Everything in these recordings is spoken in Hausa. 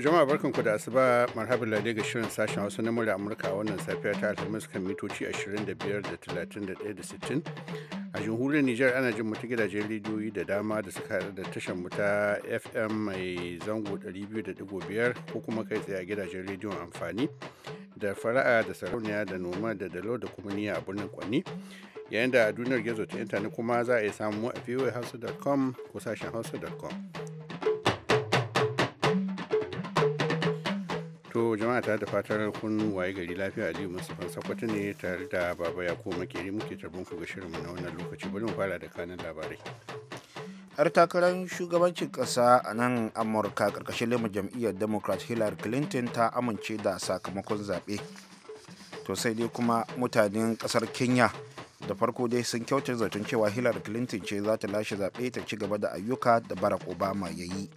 jama'a ku da asuba marhaban lade ga shirin sashen hausa na murya amurka wannan safiya ta alhamis kan mitoci 25 da 31 da 60 a jamhuriyar nijar ana jin mutu gidajen rediyoyi da dama da suka haɗu da tashar muta fm mai zango 200.5 ko kuma kai tsaye a gidajen rediyon amfani da fara'a da sarauniya da noma da dalo da kuma niya a birnin kwanni yayin da a duniyar gizo ta intanet kuma za a yi samu a hausa.com ko sashen hausa.com To jama'a ta da fatar kun waye gari lafiya Aliyu Mustapha Sakwato ne tare da Baba ya koma Makeri muke tarbon ku ga shirinmu na wannan lokaci bari mu fara da kanin labarai. Yar takarar shugabancin ƙasa a nan Amurka ƙarƙashin lema jam'iyyar Democrat Hillary Clinton ta amince da sakamakon zaɓe. To sai dai kuma mutanen ƙasar Kenya da farko dai sun kyautar zaton cewa Hillary Clinton ce za ta lashe zaɓe ta ci gaba da ayyuka da Barack Obama ya yi.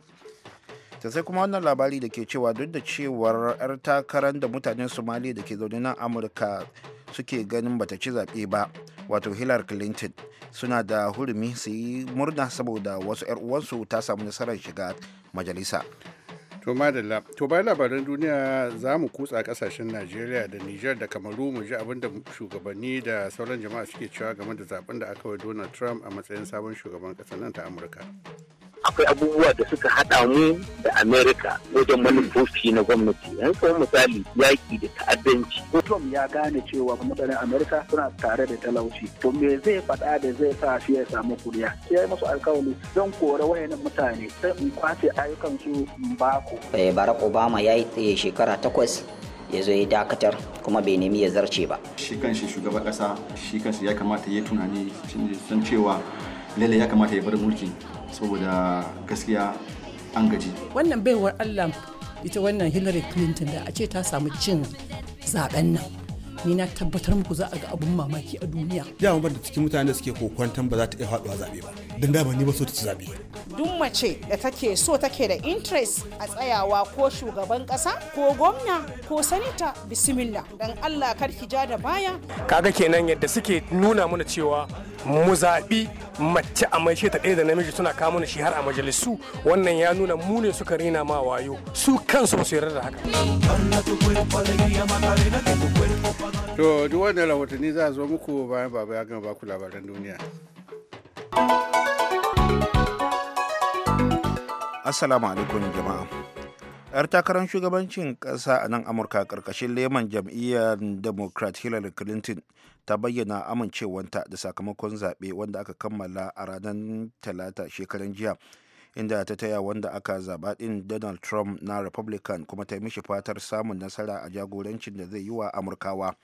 ta sai kuma wannan labari da ke cewa duk da cewar 'yar takarar da mutanen somali da ke zaune nan amurka suke ganin bata ci zaɓe ba wato hillary clinton suna da hurumi su yi murna saboda wasu 'yar uwansu ta samu nasarar shiga majalisa to madalla to bayan labaran duniya za mu kutsa kasashen najeriya da niger da kamaru mu ji abin shugabanni da sauran jama'a suke cewa game da zaben da aka wa donald trump a matsayin sabon shugaban kasar nan ta amurka akwai abubuwa da suka haɗa mu da america wajen manufofi na gwamnati yan kuma misali yaƙi da ta'addanci ko trump ya gane cewa mutanen Amurka suna tare da talauci to me zai faɗa da zai sa shi ya samu kuriya sai ya masu zan kore wayannan mutane sai in kwace ayyukan su baku eh, barack obama ya yi eh, shekara takwas ya zo ya dakatar kuma bai nemi ya zarce ba shi kanshi shugaban kasa shi kanshi ya kamata ya tunani sun cewa lalle ya kamata ya bar mulki saboda gaskiya an gaji wannan baiwar allah ita wannan hillary clinton da a ce ta samu cin zaben nan ni na tabbatar muku za a ga abun mamaki a duniya ya ban da cikin mutane da suke kokwantan ba za ta iya haɗuwa zaɓe ba don dama ni ba so ta ci zaɓe. duk mace da take so take da interest a tsayawa ko shugaban kasa ko gwamna ko sanita bismillah dan Allah kar ki ja da baya kaga kenan yadda suke nuna mana cewa mu zaɓi mace a maishe ta ɗaya da namiji suna kamo na shi har a majalisu wannan ya nuna mu ne suka rina ma wayo su kansu ba su yarda da haka. To duk wannan rahotanni za a zo muku bayan baba ya gama baku labaran duniya. Assalamu alaikum jama'a. 'yar takarar shugabancin ƙasa a nan amurka ƙarƙashin leman jam'iyyar democrat hillary clinton ta bayyana amincewanta da sakamakon zaɓe wanda aka kammala a ranar talata shekaran jiya inda ta taya wanda aka zaɓa ɗin donald trump na republican kuma ta yi mishi fatar samun nasara a jagorancin da zai yi wa amurkawa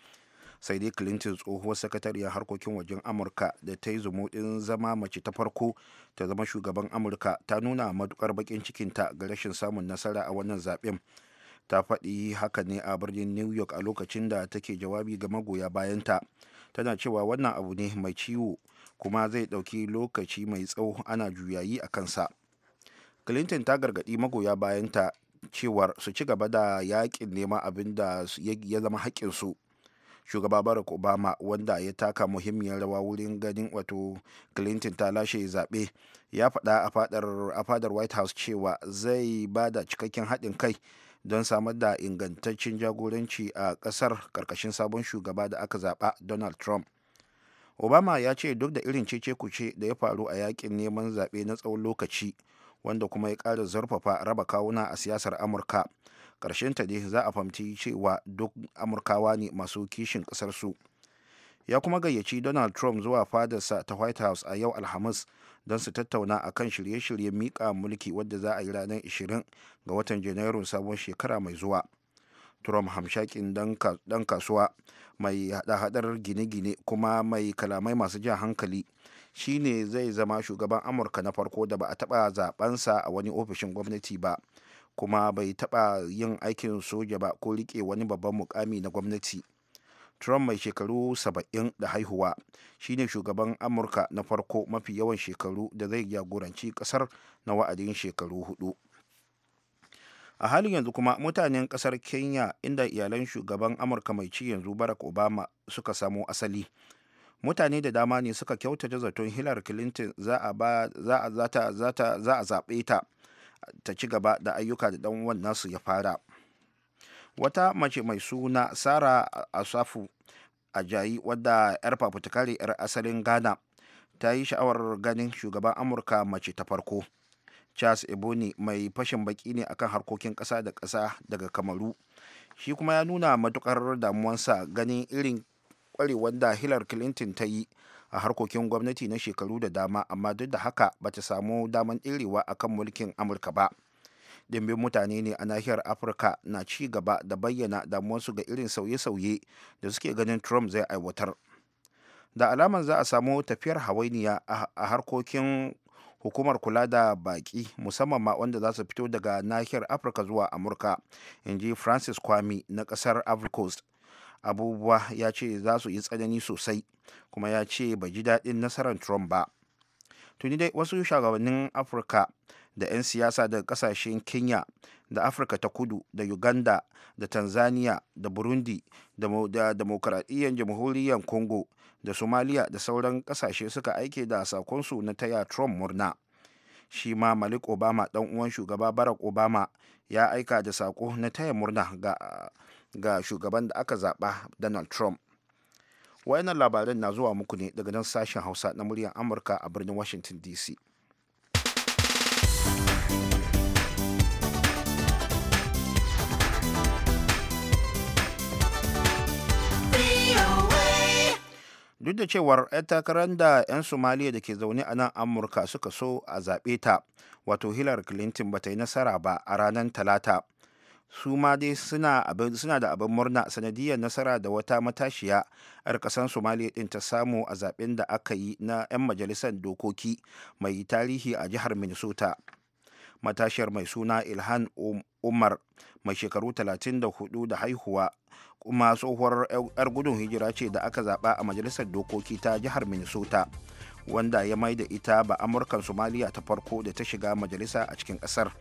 sai dai clinton tsohuwar sakatariyar harkokin wajen amurka da ta yi zumuɗin zama mace ta farko ta zama shugaban amurka ta nuna matukar bakin cikinta ga rashin samun nasara a wannan zaben ta faɗi haka ne a birnin new york a lokacin da take jawabi ga magoya bayanta tana cewa wannan abu ne mai ciwo kuma zai ɗauki lokaci mai tsawo ana juyayi a kansa clinton ta gargaɗi magoya bayanta cewar su ci gaba da yaƙin neman abin da ya zama haƙƙinsu su shugaba barack obama wanda ya taka muhimmiyar rawa wurin ganin wato clinton ta lashe zaɓe ya faɗa a fadar white house cewa zai ba da cikakken haɗin kai don samar da ingantaccen jagoranci a ƙasar ƙarƙashin sabon shugaba da aka zaɓa donald trump obama ya ce duk da irin cece kuce da ya faru a yakin neman zaɓe na tsawon lokaci wanda kuma ya ƙara zurfafa raba kawuna a siyasar amurka ta dai za a famci cewa duk amurkawa ne masu kishin ƙasarsu ya kuma gayyaci donald trump zuwa fadarsa ta white house a yau alhamis don su tattauna a kan shirye-shiryen miƙa mulki wadda za a yi ranar 20 ga watan janairun sabon shekara mai zuwa trump hamshakin dan kasuwa mai hada-hadar gine-gine kuma mai kalamai masu jan hankali shine zai zama shugaban amurka na farko da ba a taba zabansa a wani ofishin gwamnati ba kuma bai taɓa yin aikin soja ba ko riƙe wani babban mukami na gwamnati trump mai shekaru 70 da haihuwa shine shugaban amurka na farko mafi yawan shekaru da zai jagoranci ƙasar na wa'adin shekaru hudu a halin yanzu kuma mutanen kasar kenya inda iyalan shugaban amurka mai ci yanzu barack obama suka samo asali mutane da dama ne suka kyautata zaton hillary clinton za a zaɓe ta ta ci gaba da ayyuka da dan uwan nasu ya fara wata mace mai suna sara asafu ajayi wadda 'yar fafutukari 'yar asalin ghana ta yi sha'awar ganin shugaban amurka mace ta farko charles ebony mai fashin baki ne akan harkokin ƙasa da ƙasa daga kamaru shi kuma ya nuna matukar damuwansa ganin irin kwarewar da hillary clinton ta yi a harkokin gwamnati na shekaru da dama amma duk da haka ba ta samu daman ɗirewa a kan mulkin amurka ba dimbin mutane ne a nahiyar afirka na ci gaba da bayyana damuwarsu ga irin sauye-sauye da suke ganin trump zai aiwatar da alaman za a samu tafiyar hawainiya a harkokin hukumar kula da baki musamman ma wanda za su fito daga nahiyar afirka zuwa amurka in ji francis kwami na kasar ivory abubuwa ya ce za su yi tsanani sosai kuma ya ce bai ji daɗin nasarar trump ba tuni dai wasu shugabannin afirka da 'yan siyasa daga kasashen kenya da afirka ta kudu da uganda da tanzania da burundi da demokaradiyyar jamhuriyar congo da somalia da sauran kasashe suka aike da sakonsu na taya trump murna shi ma malik obama dan uwan shugaba barack obama ya aika da sako na taya murna ga ga shugaban da aka zaɓa donald trump wayannan labaran na zuwa muku ne daga nan sashen hausa na muryar amurka a birnin washington dc duk da cewar 'yan takarar da 'yan somaliya da ke zaune a nan amurka suka so a zaɓe ta wato hillary clinton bata yi nasara ba a ranar talata su ma dai suna da abin murna sanadiyar nasara da wata matashiya 'yar kasan somaliya din ta samu a zaben da aka yi na 'yan majalisar dokoki mai tarihi a jihar minnesota matashiyar mai suna ilhan um, umar mai shekaru 34 da haihuwa kuma tsohuwar 'yar gudun hijira ce da aka zaba a majalisar dokoki ta jihar minnesota wanda ya mai da ita ba amurkan somaliya ta farko da ta shiga majalisa a cikin kasar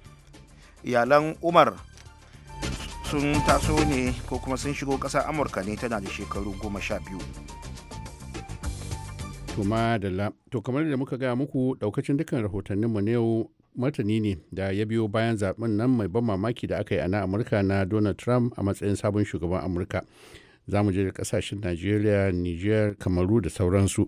iyalan umar sun taso ne ko kuma sun shigo ƙasa amurka ne tana da shekaru goma sha biyu to madalla to kamar da muka gaya muku daukacin dukkan mu na yau martani ne da ya biyo bayan zaben nan mai ban mamaki da aka yi a na amurka na donald trump a matsayin sabon shugaban amurka za mu je da kasashen nigeria niger kamaru da sauransu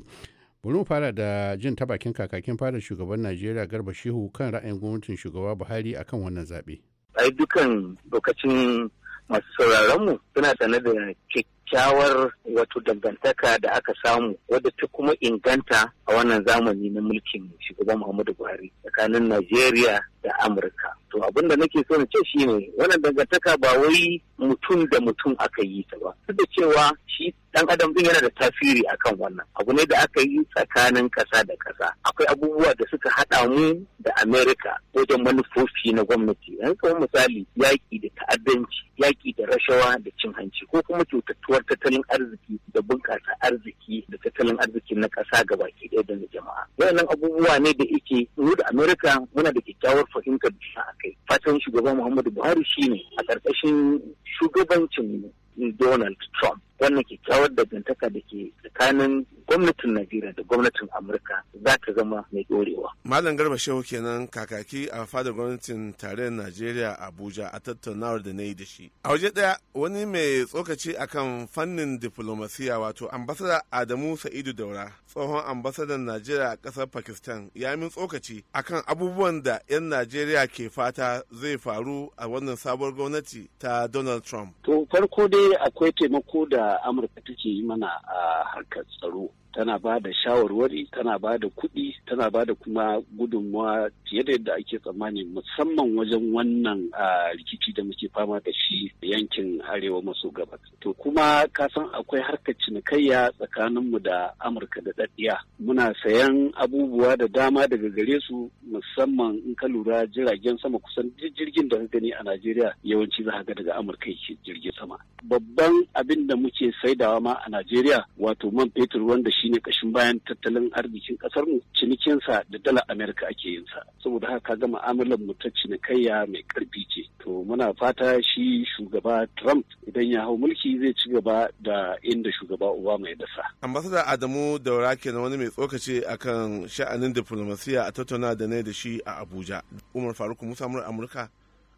bari mu fara da jin ta bakin kakakin fara shugaban nigeria garba shehu kan ra'ayin gwamnatin shugaba buhari akan wannan zaɓe ai dukan lokacin masu sauraronmu suna sane da kyakkyawar wato dangantaka da aka samu wadda ta kuma inganta a wannan zamani na mulkin shugaban Muhammadu Buhari tsakanin Najeriya da Amurka. To abin da nake so na ce shi ne wannan dangantaka ba wai mutum da mutum aka yi ta ba. Duk da cewa shi dan adam din yana da tasiri akan wannan. Abu ne da aka yi tsakanin ƙasa da ƙasa. Akwai abubuwa da suka haɗa mu da Amerika wajen manufofi na gwamnati. Yan kamar misali yaƙi da ta'addanci, yaƙi da rashawa da cin hanci ko kuma cutattuwar tattalin arziki da bunƙasa arziki arziki da tattalin arzikin na ƙasa baki ɗaya da jama'a wannan abubuwa ne da yake mu da amerika muna da kyakkyawar fahimtar da a kai fatan shugaban muhammadu buhari shi ne. a ƙarƙashin shugabancin donald trump wannan kyakkyawar dangantaka da ke tsakanin gwamnatin Najeriya da gwamnatin Amurka za ta zama mai ɗorewa. Malam Garba Shehu kenan kakaki a fadar gwamnatin tarayyar Najeriya Abuja a tattaunawar da na yi da shi. A waje ɗaya wani mai tsokaci akan fannin diflomasiya wato ambasada Adamu Sa'idu Daura tsohon ambasadan Najeriya a ƙasar Pakistan ya min tsokaci akan abubuwan da 'yan Najeriya ke fata zai faru a wannan sabuwar gwamnati ta Donald Trump. To farko dai akwai taimako da Amurka take yi mana a harkar tsaro tana ba da shawarwari tana ba da kuɗi tana ba da kuma gudunmawa fiye da yadda ake tsammani musamman wajen wannan rikici da muke fama da shi yankin arewa maso gabas to kuma ka san akwai harkar cinikayya tsakaninmu da amurka da ɗaɗɗiya muna sayan abubuwa da dama daga gare su musamman in ka lura jiragen sama kusan jirgin da ka gani a najeriya yawanci za ga daga amurka yake jirgin sama babban abin da muke saidawa ma a najeriya wato man fetur wanda shine kashin bayan tattalin arzikin kasar mu cinikinsa da dala amerika ake yin sa saboda haka ga mu'amalar mu ta cinikayya mai karfi ce to muna fata shi shugaba trump idan ya hau mulki zai ci gaba da inda shugaba obama ya dasa ambasada adamu daura kenan wani mai tsokace akan sha'anin diplomasiya a tattauna da ne da shi a abuja umar faruk musa amurka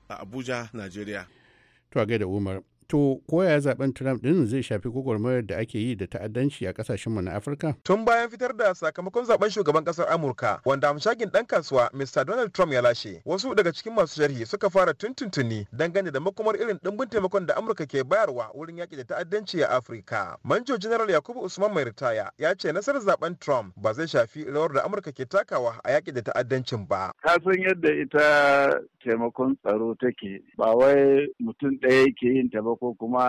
a abuja najeriya to a gaida umar To koya zaben Trump din zai shafi gwagwarmayar da ake yi da ta'addanci a kasashenmu na Afirka? Tun bayan fitar da sakamakon zaben shugaban kasar Amurka wanda amshakin dan kasuwa Mr. Donald Trump ya lashe. Wasu daga cikin masu sharhi suka fara tuntuntuni dangane da makomar irin dimbin taimakon da Amurka ke bayarwa wurin yaki da ta'addanci a Afirka. Manjo General Yakubu Usman mai ritaya ya ce nasarar zaben Trump ba zai shafi rawar da Amurka ke takawa a yaki da ta'addancin ba. Ka san yadda ita taimakon tsaro take ba wai mutum ɗaya yake yin ta ko kuma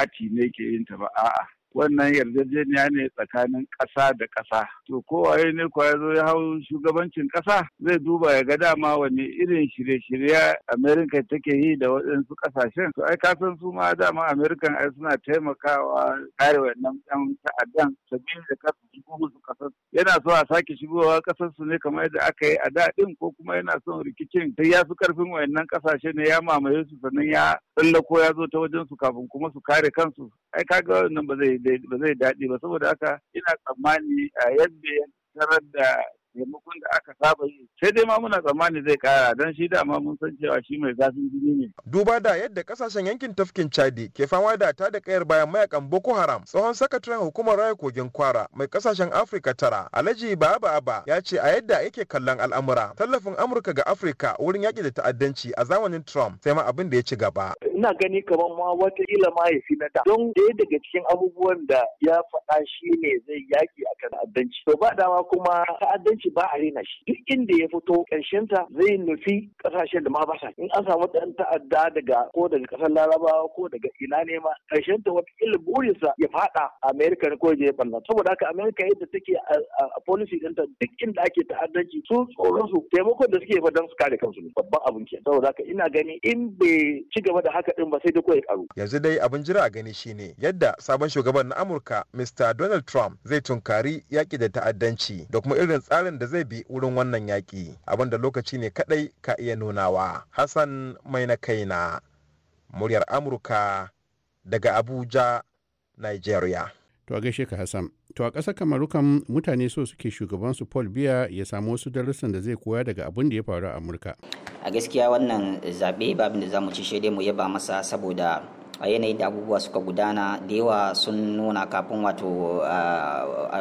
ati ne ke yin ta ba a'a wannan yarjejeniya ne tsakanin ƙasa da ƙasa. To kowaye ne kwa ya zo ya hau shugabancin ƙasa zai duba ya ga dama wani irin shirye-shirye Amerika take yi da waɗansu ƙasashen. To ai kasan su ma dama Amerika ai suna taimakawa kare wannan ɗan ta'addan sabbin da su shigo musu ƙasar. Yana so a sake shigowa ƙasar su ne kamar yadda aka yi a daɗin ko kuma yana son rikicin sai ya fi ƙarfin wayannan ƙasashe ne ya mamaye su sannan ya tsallako ya zo ta wajen su kafin kuma su kare kansu ai kaga wannan ba zai daɗi ba saboda haka ina tsammani a yadda tarar da maimakon da aka saba yi sai dai ma muna tsammani zai kara don shi da ma mun san cewa shi mai zafin jini ne. Duba da yadda kasashen yankin tafkin Chadi ke fama da ta da kayar bayan mayakan Boko Haram tsohon sakataren hukumar raya kogin kwara mai kasashen Afirka tara Alhaji Baba Aba ya ce a yadda yake kallon al'amura tallafin Amurka ga Afirka wurin yaƙi da ta'addanci a zamanin Trump sai ma abin da ya ci gaba. Ina gani kamar ma wata ma ya fi na da don ɗaya daga cikin abubuwan da ya faɗa shi ne zai yaƙi akan ta'addanci. To ba dama kuma ta'addanci shi ba a rena shi duk inda ya fito ta zai nufi ƙasashen da ma ba sa in an samu ɗan ta'adda daga ko daga ƙasar larabawa ko daga ina ne ma ta wata ila burinsa ya faɗa amerika ne ko ya je ya ɓanna saboda haka amerika yadda take a policy ta duk inda ake ta'addanci su tsoron su taimakon da suke fadan don su kare kansu ne babban abin ke saboda haka ina gani in bai ci gaba da haka din ba sai dai ya karu yanzu dai abin jira a gani shine yadda sabon shugaban na amurka mr donald trump zai tunkari yaƙi da ta'addanci da kuma irin tsarin tsarin da zai bi wurin wannan yaƙi abinda lokaci ne kaɗai ka iya nunawa hassan mai na kai na muryar amurka daga abuja nigeria to a ka hassan to a ƙasar kamarukan mutane so suke shugaban su paul biya ya samu wasu darussan da zai koya daga abin da ya faru a amurka a gaskiya wannan zaɓe babin da za mu ci shaidai mu yaba masa saboda a yanayin da abubuwa suka gudana da yawa sun nuna kafin wato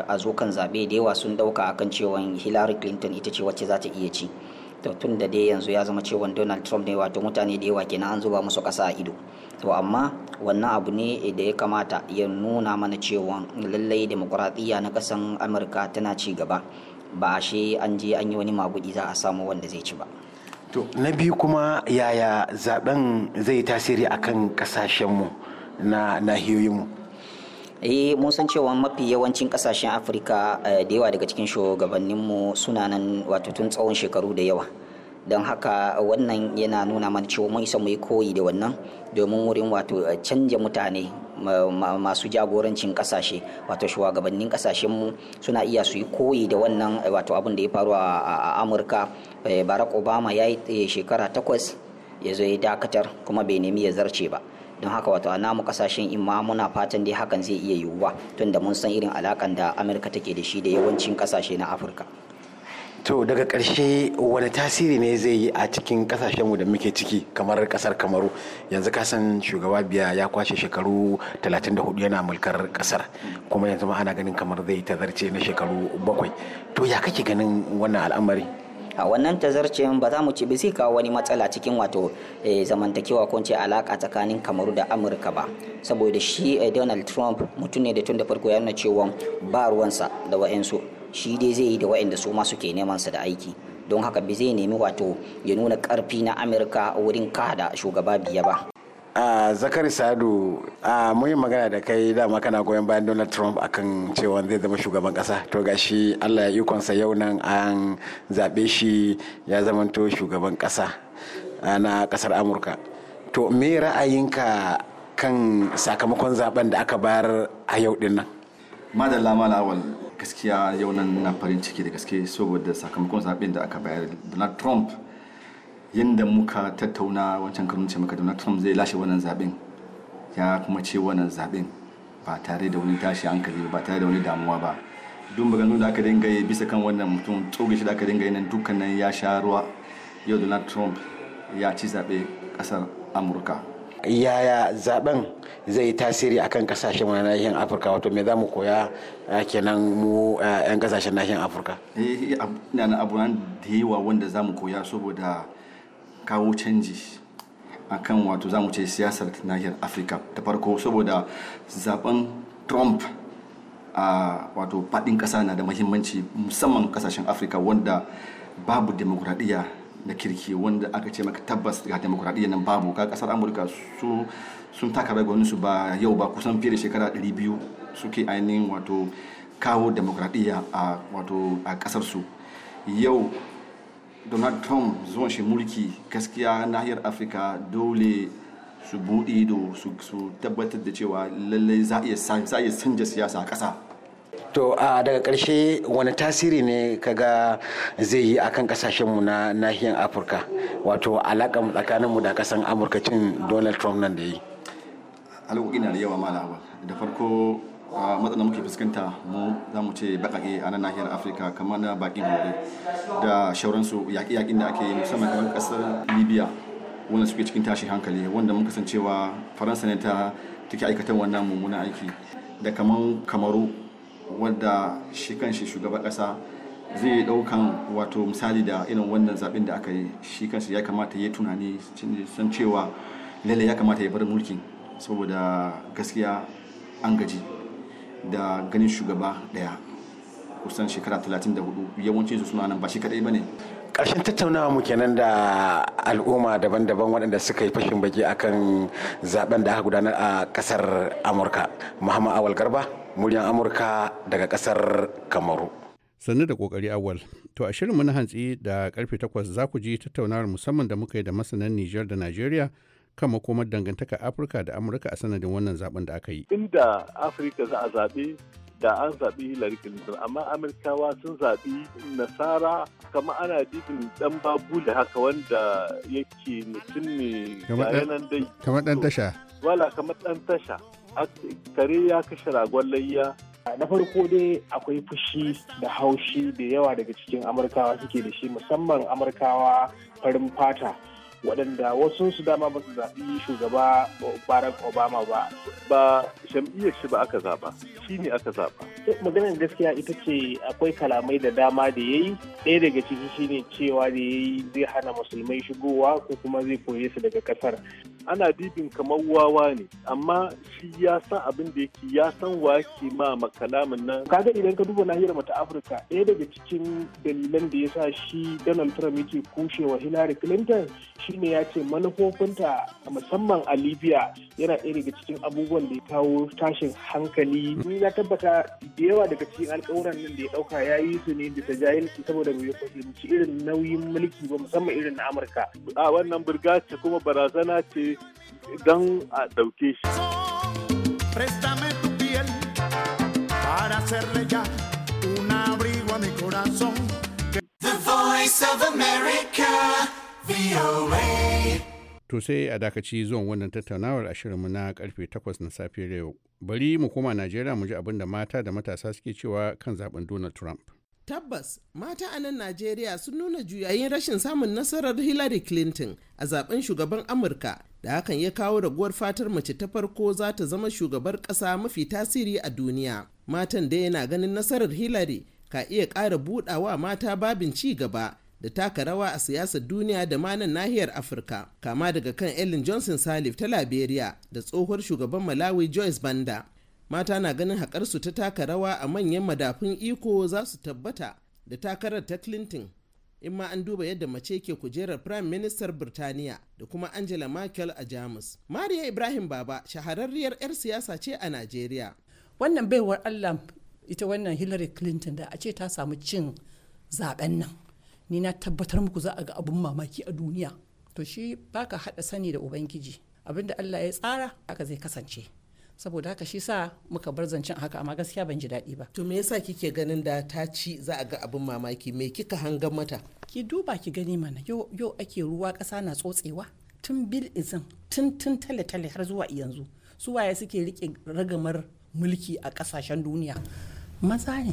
a zo kan zaɓe da yawa sun ɗauka akan cewa hillary clinton ita ce wacce za ta iya ci to tun da dai yanzu ya zama cewa donald trump ne wato mutane da yawa kenan an zuba musu ƙasa a ido to amma wannan abu ne da ya kamata ya nuna mana cewa lallai demokuraɗiyya na kasan amurka tana ci gaba ba a shi an je an yi wani magudi za a samu wanda zai ci ba To, na biyu kuma yaya zaben zai tasiri akan kasashenmu na nahiyoyinmu? eh mun san cewa mafi yawancin kasashen afirka eh, da yawa daga cikin shugabanninmu suna nan wato tun tsawon shekaru da yawa don haka wannan yana nuna mana cewa mun isa mu yi koyi da wannan domin wurin wato eh, canja mutane masu jagorancin kasashe wato shugabannin kasashen mu suna iya su yi koyi da wannan eh, wato abin da ya faru a amurka eh, barack obama ya yi eh, shekara takwas ya zo ya dakatar kuma bai nemi ya zarce ba don haka wato a namu kasashen imma muna fatan dai hakan zai iya yiwuwa tunda mun san irin alakan da amurka take da shi da yawancin kasashe na afirka to daga karshe wani tasiri ne zai yi a cikin ƙasashenmu da muke ciki kamar ƙasar kamaru yanzu kasan shugaba biya ya kwashe shekaru 34 yana mulkar ƙasar kuma yanzu ma ana ganin kamar zai tazarce na shekaru bakwai to ya kake ganin wannan al'amari a wannan tazarcin ba za mu ce zai kawo wani matsala cikin wato eh, zamantakewa ko ce alaka tsakanin kamaru da amurka ba saboda shi eh, donald trump mutum ne da tun da farko ya nuna cewa ba ruwansa da wa'ensu shi dai zai yi da waɗanda su ma suke neman sa da aiki don haka bai zai nemi wato ya nuna karfi na amurka wurin kada shugaba biya ba a zakari sadu a muyi magana da kai dama kana goyon bayan donald trump akan cewa zai zama shugaban kasa to gashi allah ya ikonsa yau nan an zaɓe shi ya zamanto shugaban kasa na kasar amurka to me ra'ayinka kan sakamakon zaben da aka bayar a yau din nan madalla malawal gaskiya yau nan na farin ciki da gaske saboda sakamakon zaben da aka bayar donald trump yadda muka tattauna wancan karnun ce maka donald trump zai lashe wannan zaben ya kuma ce wannan zaben ba tare da wani tashi hankali ba tare da wani damuwa ba duk maganganun da aka dinga yi bisa kan wannan mutum tsoge shi da aka dinga yi nan dukkanin ya sha ruwa yau donald trump ya ci zaɓe ƙasar amurka yaya zaben zai yi tasiri akan kasashen wani na nahiyar afirka wato me za mu koya eh, kenan mu yan eh, kasashen nahiyar afirka eh, eh na abu nan da yawa wanda za mu koya saboda kawo canji akan wato za mu ce siyasar nahiyar afirka ta farko saboda zaben trump a wato faɗin ƙasa na da mahimmanci musamman kasashen afirka wanda babu demokuraɗiyya na kirki wanda aka ce maka tabbas ga demokuraɗiyya nan babu ka ƙasar amurka su sun taka ragonin su ba yau ba kusan fiye da shekara 200 suke ainihin wato kawo demokradiyya a wato a kasar su yau donald trump zuwan shi mulki gaskiya nahiyar afirka dole su buɗe ido su tabbatar da cewa lallai za a iya sanja siyasa a ƙasa to a daga ƙarshe wani tasiri ne kaga zai yi akan ƙasashenmu na nahiyar afirka wato alaƙa tsakaninmu da ƙasan amurka cin donald trump nan da yi halin ina da yawa mala awal da farko a matsalar muke fuskanta mu za mu ce bakake a nan nahiyar afirka kamar na bakin hore da shauransu yaƙi-yaƙin da ake yi musamman kamar ƙasar libya wanda suke cikin tashi hankali wanda mun kasancewa faransa ne ta take aikatan wannan mummunan aiki da kamar kamaru wadda shi kanshi shugaban ƙasa zai ɗaukan wato misali da irin wannan zaben da aka yi shi kansa ya kamata ya tunani san cewa lalle ya kamata ya bar mulkin saboda gaskiya an gaji da ganin shugaba daya kusan shekara 34 yawancin su suna nan ba shi kadai bane ƙarshen tattaunawa mu kenan da al'umma daban-daban waɗanda suka yi fashin baki akan zaben da aka gudanar a ƙasar amurka muhammad awal garba muryan amurka daga ƙasar kamaru sannu da kokari awal to a shirin na hantsi da karfe 8 za ku ji tattaunawar musamman da muka yi da masanan nijar da najeriya kan makomar dangantaka afirka da amurka a sanadin wannan zaben da aka yi inda afirka za a zaɓe da an zaɓi hillary clinton amma amurkawa sun zaɓi nasara kama ana jikin dan babu da haka wanda yake mutum ne nan dai kamar dan tasha wala kamar dan tasha kare ya kashe ragon layya na farko dai akwai fushi da haushi da yawa daga cikin amurkawa suke da shi musamman amurkawa farin fata waɗanda wasu su dama ba su zaɓi shugaba barack obama ba ba jam'iyyar shi ba aka zaɓa shi ne aka zaɓa eh, maganar gaskiya ita ce akwai kalamai da dama da ya yi ɗaya daga ciki shi ne cewa da ya yi zai hana musulmai shigowa ko kuma zai koye su daga ƙasar ana bibin kamar wawa ne amma shi ya san abin da yake ya san wa ke ma makalamin nan kaga idan ka duba nahiyar ta afirka ɗaya daga cikin dalilan da ya sa shi donald trump yake kushewa hillary clinton shine ya ce manufofinta musamman a libya yana ɗaya daga cikin abubuwan da ya kawo tashin hankali ni na tabbata da yawa daga cikin alƙawuran nan da ya ɗauka ya yi su ne da jahilci saboda bai fahimci irin nauyin mulki ba musamman irin na amurka a wannan burga ce kuma barazana ce don a ɗauke shi The Voice of America To sai a dakaci zuwan wannan tattaunawar a shirinmu na karfe 8 na safiyar yau. Bari mu koma Najeriya mu ji abin da mata da matasa suke cewa kan zaben Donald Trump. Tabbas, mata a nan Najeriya sun nuna juyayin rashin samun nasarar Hillary Clinton a zaben shugaban Amurka da hakan ya kawo raguwar fatar mace ta farko za ta zama shugabar ƙasa mafi tasiri a duniya. Matan da yana ganin nasarar Hillary ka iya ƙara buɗawa mata babin ci gaba da taka rawa a siyasar duniya da manan nahiyar afirka kama daga kan ellen johnson salif ta liberia da tsohuwar shugaban malawi joyce banda mata na ganin haƙarsu ta taka rawa a manyan madafun iko za su tabbata da takarar ta clinton in ma an duba yadda mace ke kujerar prime minister birtaniya da kuma angela merkel a jamus maria ibrahim baba shahararriyar 'yar siyasa ce a nigeria. wannan baiwar allah ita wannan hillary clinton da a ce ta samu cin zaben nan ni na tabbatar muku za a ga abun mamaki a duniya to shi baka haɗa sani da ubangiji abin da Allah ya tsara aka zai kasance saboda haka shi sa muka bar zancen haka amma gaskiya ban ji daɗi ba to me yasa kike ganin da ta ci za a ga abun mamaki me kika hanga mata ki duba ki gani mana yau ake ruwa ƙasa na tsotsewa tun bil izin tun tun tale tale har zuwa yanzu su waye suke rike ragamar mulki a ƙasashen duniya maza ne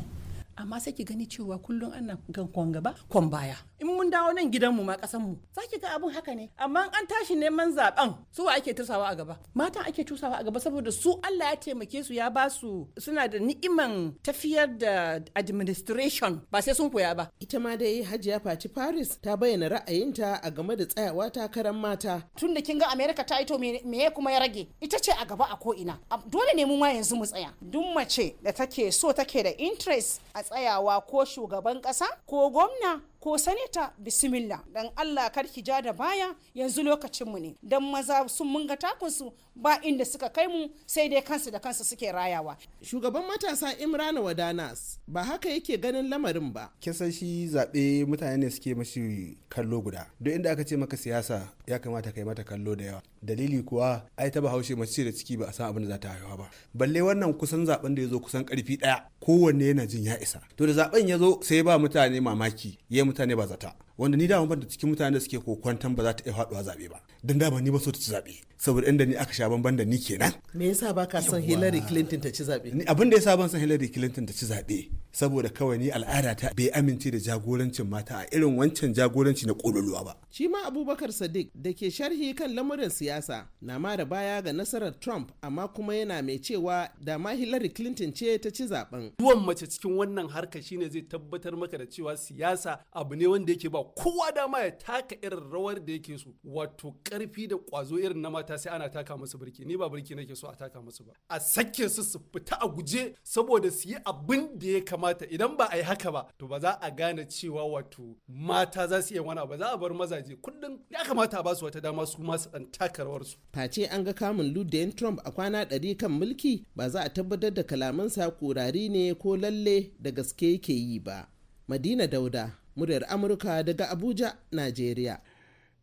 amma sai ki gani cewa kullum ana ga kwan gaba kwan baya in mun dawo nan gidanmu ma kasanmu za ki ga abun haka ne amma an tashi neman zaben su wa ake tusawa a gaba matan ake tusawa a gaba saboda su Allah ya taimake su ya ba su suna da ni'iman tafiyar da administration ba sai sun koya ba ita ma dai Hajiya Fati Paris ta bayyana ra'ayinta a game da tsayawa takarar mata tun da kin ga America ta ito me kuma ya rage ita ce a gaba a ko ina dole ne mu ma yanzu mu tsaya duk mace da take so take da interest a tsayawa ko shugaban ƙasa ko gwamna ko sanita bismillah dan Allah kar ki ja da baya yanzu lokacin mu ne dan maza sun munga takunsu ba inda suka kai mu sai dai kansu da kansu suke rayawa shugaban matasa Imrana Wadanas ba haka yake ganin lamarin ba kin shi zabe mutane ne suke mashi kallo guda duk inda aka ce maka siyasa ya kamata kai mata kallo da yawa dalili kuwa ai ta bahaushe mace da ciki ba a san abin da za ta haihuwa ba balle wannan kusan zaben da ya zo kusan karfi daya kowanne yana jin ya isa to da zaben ya zo sai ba mutane mamaki ya mutane ba zata wanda ni dama ban da cikin mutanen da suke kokwantan ba za ta iya faduwa zabe ba dan dama ni ba so ta ci zabe saboda inda ni aka sha banban da ni kenan me yasa ba ka son Hillary Clinton ta ci zabe ni abin da yasa ban son Hillary Clinton ta ci zabe saboda kawai ni al'ada ta bai amince da jagorancin mata a irin wancan jagoranci na kololuwa ba shi ma Abubakar Sadiq da ke sharhi kan lamurin siyasa na mara baya ga nasarar Trump amma kuma yana mai cewa da ma Hillary Clinton ce ta ci zaben duwan mace cikin wannan harka shine zai tabbatar maka da cewa siyasa abu ne wanda yake ba kowa dama ya taka irin rawar da yake so wato karfi da kwazo irin na mata sai ana taka musu birki ni ba birki nake so a taka musu ba a sake su su fita a guje saboda su yi abin da ya kamata idan ba a yi haka ba to ba za a gane cewa wato mata za su iya wani ba za a bar mazaje kullum ya kamata a basu wata dama su ma dan taka rawar su face an ga kamun ludayen trump a kwana ɗari kan mulki ba za a tabbatar da kalamansa kurari ne ko lalle da gaske yake yi ba madina dauda muryar amurka daga abuja najeriya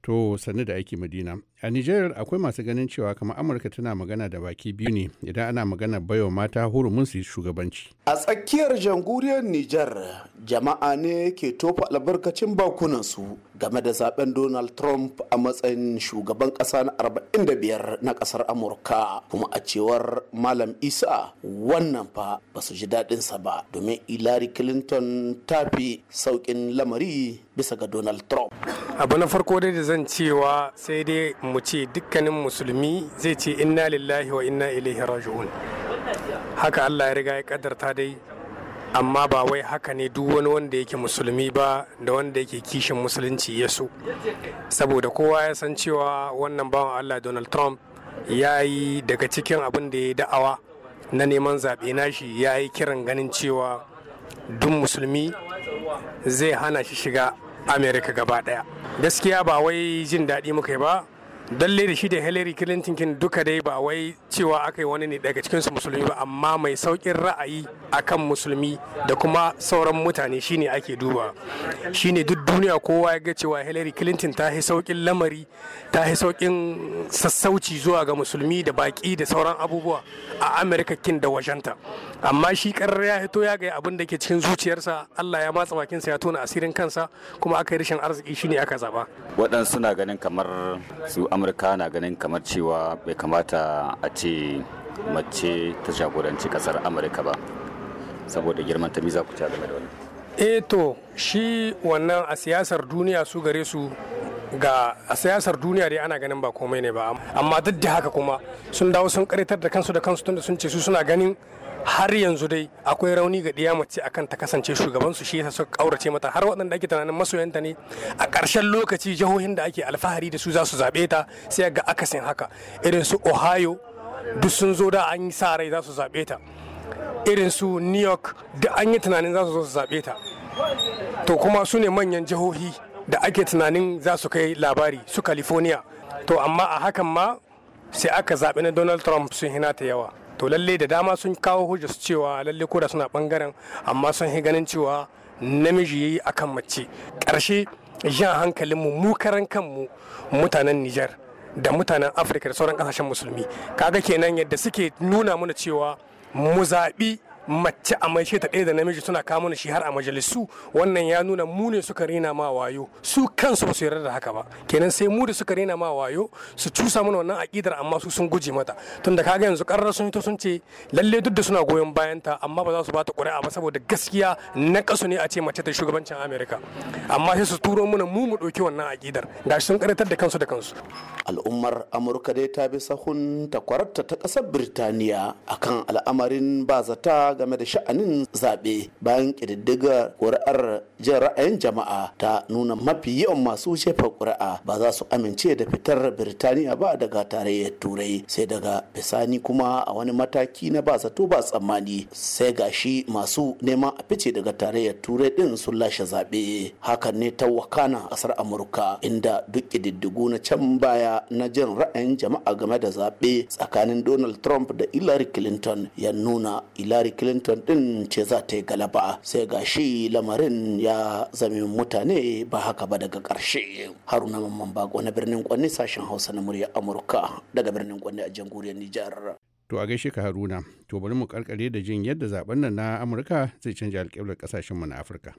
to sannu da aiki madina a nijar akwai masu ganin cewa kama amurka tana magana da baki biyu ne idan ana magana baiwa mata hurumin su shugabanci a tsakiyar janguriyar nijar jama'a ne ke tofa albarkacin bakunan su game da zaben donald trump a matsayin shugaban kasa na 45 na kasar amurka kuma a cewar malam isa wannan fa ba su ji daɗinsa ba domin hillary clinton ta fi saukin lamari bisa ga donald trump abu na farko dai da zan cewa sai dai mu ce dukkanin musulmi zai ce inna lillahi wa inna ilaihi raji'un haka Allah ya riga ya kadarta dai amma ba wai haka ne duk wani wanda yake musulmi ba da wanda yake kishin musulunci ya so saboda kowa ya san cewa wannan bawan Allah Donald Trump ya yi daga cikin abin da ya da'awa na neman zaɓe nashi ya yi kiran ganin cewa duk musulmi zai hana shi shiga amerika gaba daya gaskiya ba wai jin daɗi muka ba dalle da shi da hillary clinton kin duka dai ba wai cewa aka yi wani ne daga cikinsu musulmi ba amma mai saukin ra'ayi akan musulmi da kuma sauran mutane shine ake duba shine duk duniya kowa ya ga cewa hillary clinton ta yi saukin lamari ta yi saukin sassauci zuwa ga musulmi da baki da sauran abubuwa a amerika kin da wajenta amma shi karar ya hito ya ga abin da ke cikin zuciyarsa allah ya matsa bakinsa ya tona asirin kansa kuma aka yi rashin arziki shine aka zaba waɗansu na ganin kamar su amurka na ganin kamar cewa bai kamata a ce mace ta jagoranci kasar amurka ba saboda girman ta miza kuta game da wani. Eh to shi wannan a siyasar duniya su gare su ga a siyasar duniya dai ana ganin ba komai ne ba amma duk da haka kuma sun dawo sun karitar da kansu da kansu tunda sun ce su suna ganin har yanzu dai akwai rauni ga ɗiya mace akan ta kasance shugaban su shi ta suka kaurace mata har waɗanda ake tunanin masoyanta ne a ƙarshen lokaci jihohin da ake alfahari da su za su zaɓe ta sai ga akasin haka irin su ohio duk sun zo da an yi sa rai za su zaɓe ta irin su new york duk an yi tunanin za su zo su zaɓe ta to kuma su ne manyan jihohi da ake tunanin za su kai labari su california to amma a hakan ma sai aka zaɓi na donald trump sun hina ta yawa to lalle da dama sun kawo hujjar su cewa lalle koda suna bangaren amma sun yi ganin cewa namiji yayi akan mace ƙarshe jan hankalinmu mu karan kanmu mutanen Nijar da mutanen Afirka da sauran kasashen musulmi kaga kenan yadda suke nuna mana cewa mu zaɓi mace a maishe ta ɗaya da namiji suna kama shi har a majalisu wannan ya nuna mu ne suka rena ma wayo su kansu ba su yarda da haka ba kenan sai mu da suka rena ma wayo su cusa mana wannan aƙidar amma su sun guje mata tunda kaga yanzu ƙarar sun to sun ce lalle duk da suna goyon bayan ta amma ba za su bata ƙuri'a ba saboda gaskiya na kasu ne a ce mace ta shugabancin Amerika amma sai su turo mana mu mu ɗauki wannan aƙidar ga sun karatar da kansu da kansu al'ummar Amurka dai ta bi sahun takwararta ta ƙasar Birtaniya akan al'amarin ba zata game da sha'anin zaɓe bayan ƙididdigar ƙuri'ar jin ra'ayin jama'a ta nuna mafi yawan masu jefa ƙuri'a ba za su amince da fitar birtaniya ba daga tarayyar turai sai daga bisani kuma a wani mataki na ba zato ba tsammani sai gashi masu neman a fice daga tarayyar turai din sun lashe zaɓe hakan ne ta wakana ƙasar amurka inda duk ƙididdigu na can baya na jin ra'ayin jama'a game da zaɓe tsakanin donald trump da hillary clinton ya nuna hillary clinton clinton din ce za ta yi galaba sai ga shi lamarin ya zame mutane ba haka ba daga karshe haruna mamman bako na birnin kwanne sashen hausa na murya amurka daga birnin kwanne a jamhuriyar nijar To a gaishe ka Haruna, to bari mu karkare da jin yadda zaben nan na Amurka zai canja alƙiblar kasashen mu na Afirka.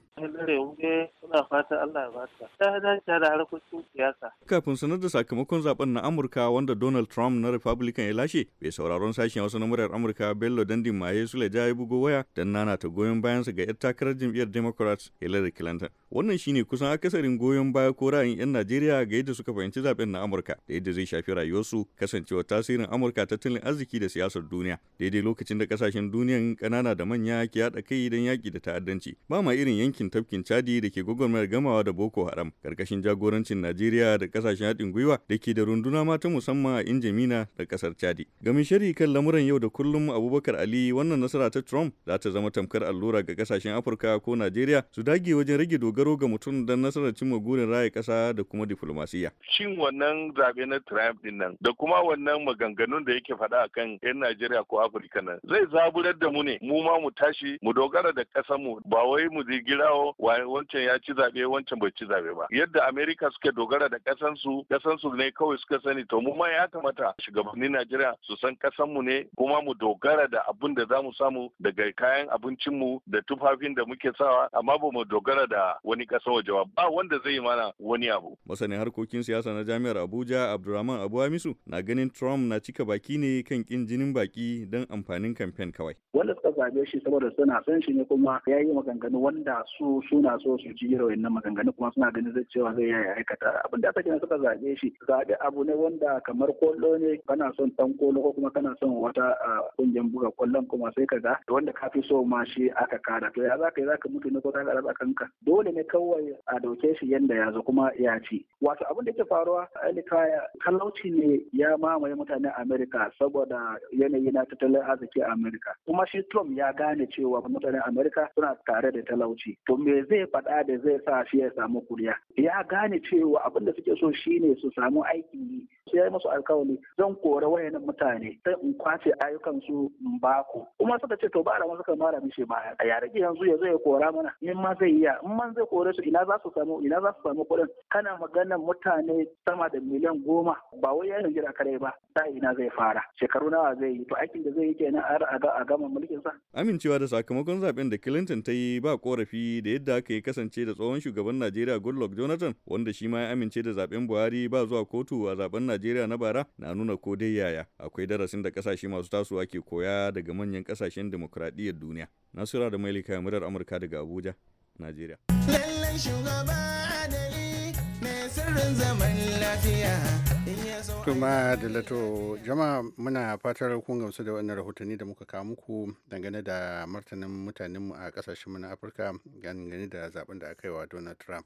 suna fatan Allah ya bata. Ta da harkokin siyasa. Kafin sanar da sakamakon zaben na Amurka wanda Donald Trump na Republican ya lashe, bai sauraron sashen wasu na muryar Amurka Bello Dandin Maye Sule ya bugo waya don nana ta goyon bayansa ga 'yar takarar jam'iyyar Democrats Hillary Clinton. wannan shine kusan akasarin goyon baya ko ra'ayin 'yan najeriya ga yadda suka fahimci zaben na amurka da yadda zai shafi rayuwarsu kasancewa tasirin amurka tattalin arziki da siyasar duniya daidai lokacin da kasashen duniyan kanana da manya ke yada kai don yaki da ta'addanci ba ma irin yankin tafkin chadi da ke gwagwarmayar gamawa da boko haram karkashin jagorancin najeriya da kasashen haɗin gwiwa da ke da runduna ma ta musamman a injamina da kasar chadi gamin shari kan lamuran yau da kullum abubakar ali wannan nasara ta trump za ta zama tamkar allura ga kasashen afirka ko najeriya su dage wajen rage dogaro ga mutum don nasarar cimma gurin raya kasa da kuma diflomasiyya. Shin wannan zaɓe na Trump din nan da kuma wannan maganganun da yake faɗa akan 'yan Najeriya ko Afirka nan zai zaburar da mu ne mu ma mu tashi mu dogara da ƙasar mu ba wai mu girawo wancan ya ci zaɓe wancan bai ci zaɓe ba. Yadda Amerika suke dogara da ƙasan su ne kawai suka sani to mu ma ya kamata shugabannin Najeriya su san ƙasan mu ne kuma mu dogara da abun da za mu samu daga kayan abincin mu da tufafin da muke sawa amma ba mu dogara da wani ƙasa waje ba ba wanda zai mana wani abu masanin harkokin siyasa na jami'ar Abuja Abdulrahman Abu Hamisu na ganin Trump na cika baki ne kan kin jinin baki don amfanin kamfen kawai wanda suka zabe shi saboda suna son shi ne kuma ya yi maganganu wanda su suna so su ji irin wannan maganganu kuma suna ganin zai cewa zai yaya aikata abin da aka suka zabe shi zabe abu ne wanda kamar kollo ne kana son dan kollo ko kuma kana son wata kungiyar buga kwallon kuma sai ka ga wanda ka fi so ma shi aka kada to ya zaka yi zaka mutu ne ko ka raba kanka dole ne kawai a dauke shi yadda ya zo kuma ya ci wato abin da ke faruwa a alikaya talauci ne ya mamaye mutanen amerika saboda yanayi na tattalin arziki a amerika kuma shi trump ya gane cewa mutanen amerika suna tare da talauci to me zai faɗa da zai sa shi ya samu kuriya ya gane cewa abin da suke so shine su samu aikin yi ya yi musu alkawali zan kora wayannan mutane sai in kwace ayyukan su in ba ku kuma suka ce to ba da suka mara mishi baya a yare yanzu ya zai kora mana in ma zai iya in man zai kore su ina za su samu ina za su samu kuɗin kana maganar mutane sama da miliyan goma ba wai yayin gida kare ba ta ina zai fara shekaru nawa zai yi to aikin da zai yi kenan a gama mulkin sa amincewa da sakamakon zaben da Clinton ta yi ba korafi da yadda aka yi kasance da tsohon shugaban Najeriya Goodluck Jonathan wanda shi ma ya amince da zaben Buhari ba zuwa kotu a zaben Najeriya na bara na nuna ko dai yaya akwai darasin da kasashe masu tasowa ke koya daga manyan kasashen demokradiyyar duniya. Nasura da Mailika Murar Amurka daga Abuja, Najeriya. Lallai shugaba adali mai sirrin zaman lafiya. kuma da lato jama'a muna fatar kun gamsu da wannan rahotanni da muka kawo muku dangane da martanin mutanenmu a kasashenmu na afirka gani da zaben da aka yi wa donald trump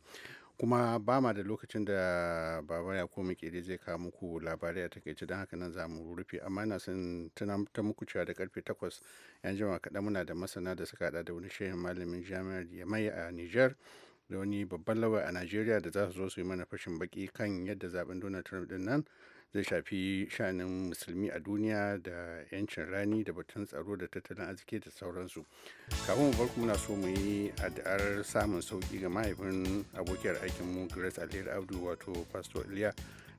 kuma ba ma da lokacin da baba ya komi kere zai kawo muku labarai a takaice don haka nan za mu rufe amma na son ta muku cewa da karfe takwas yan jima kaɗan muna da masana da suka hada da wani shehin malamin jami'ar yamai a niger da wani babban lawa a nigeria da za su zo su yi mana fashin baki kan yadda zaben donald trump din nan zai shafi shanin musulmi a duniya da 'yancin rani da batun tsaro da tattalin arziki da sauransu kafin mu farko muna so mu yi addu'ar samun sauki ga mahaifin abokiyar aikin mu grace alheri abdu wato pastor iliya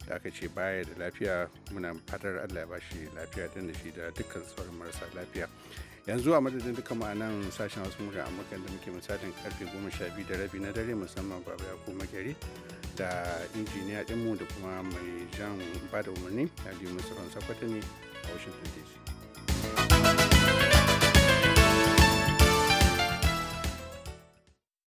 da aka ce baya da lafiya muna fatar allah ya bashi lafiya da shi da dukkan tsoron marasa lafiya yanzu a madadin duka ma'anan sashen wasu murya amurka da muke misalin karfe goma sha biyu da rabi na dare musamman baba ya kuma gari da injiniya dinmu da kuma mai jan bada umarni aliyu musulun sakwata ne a washington dc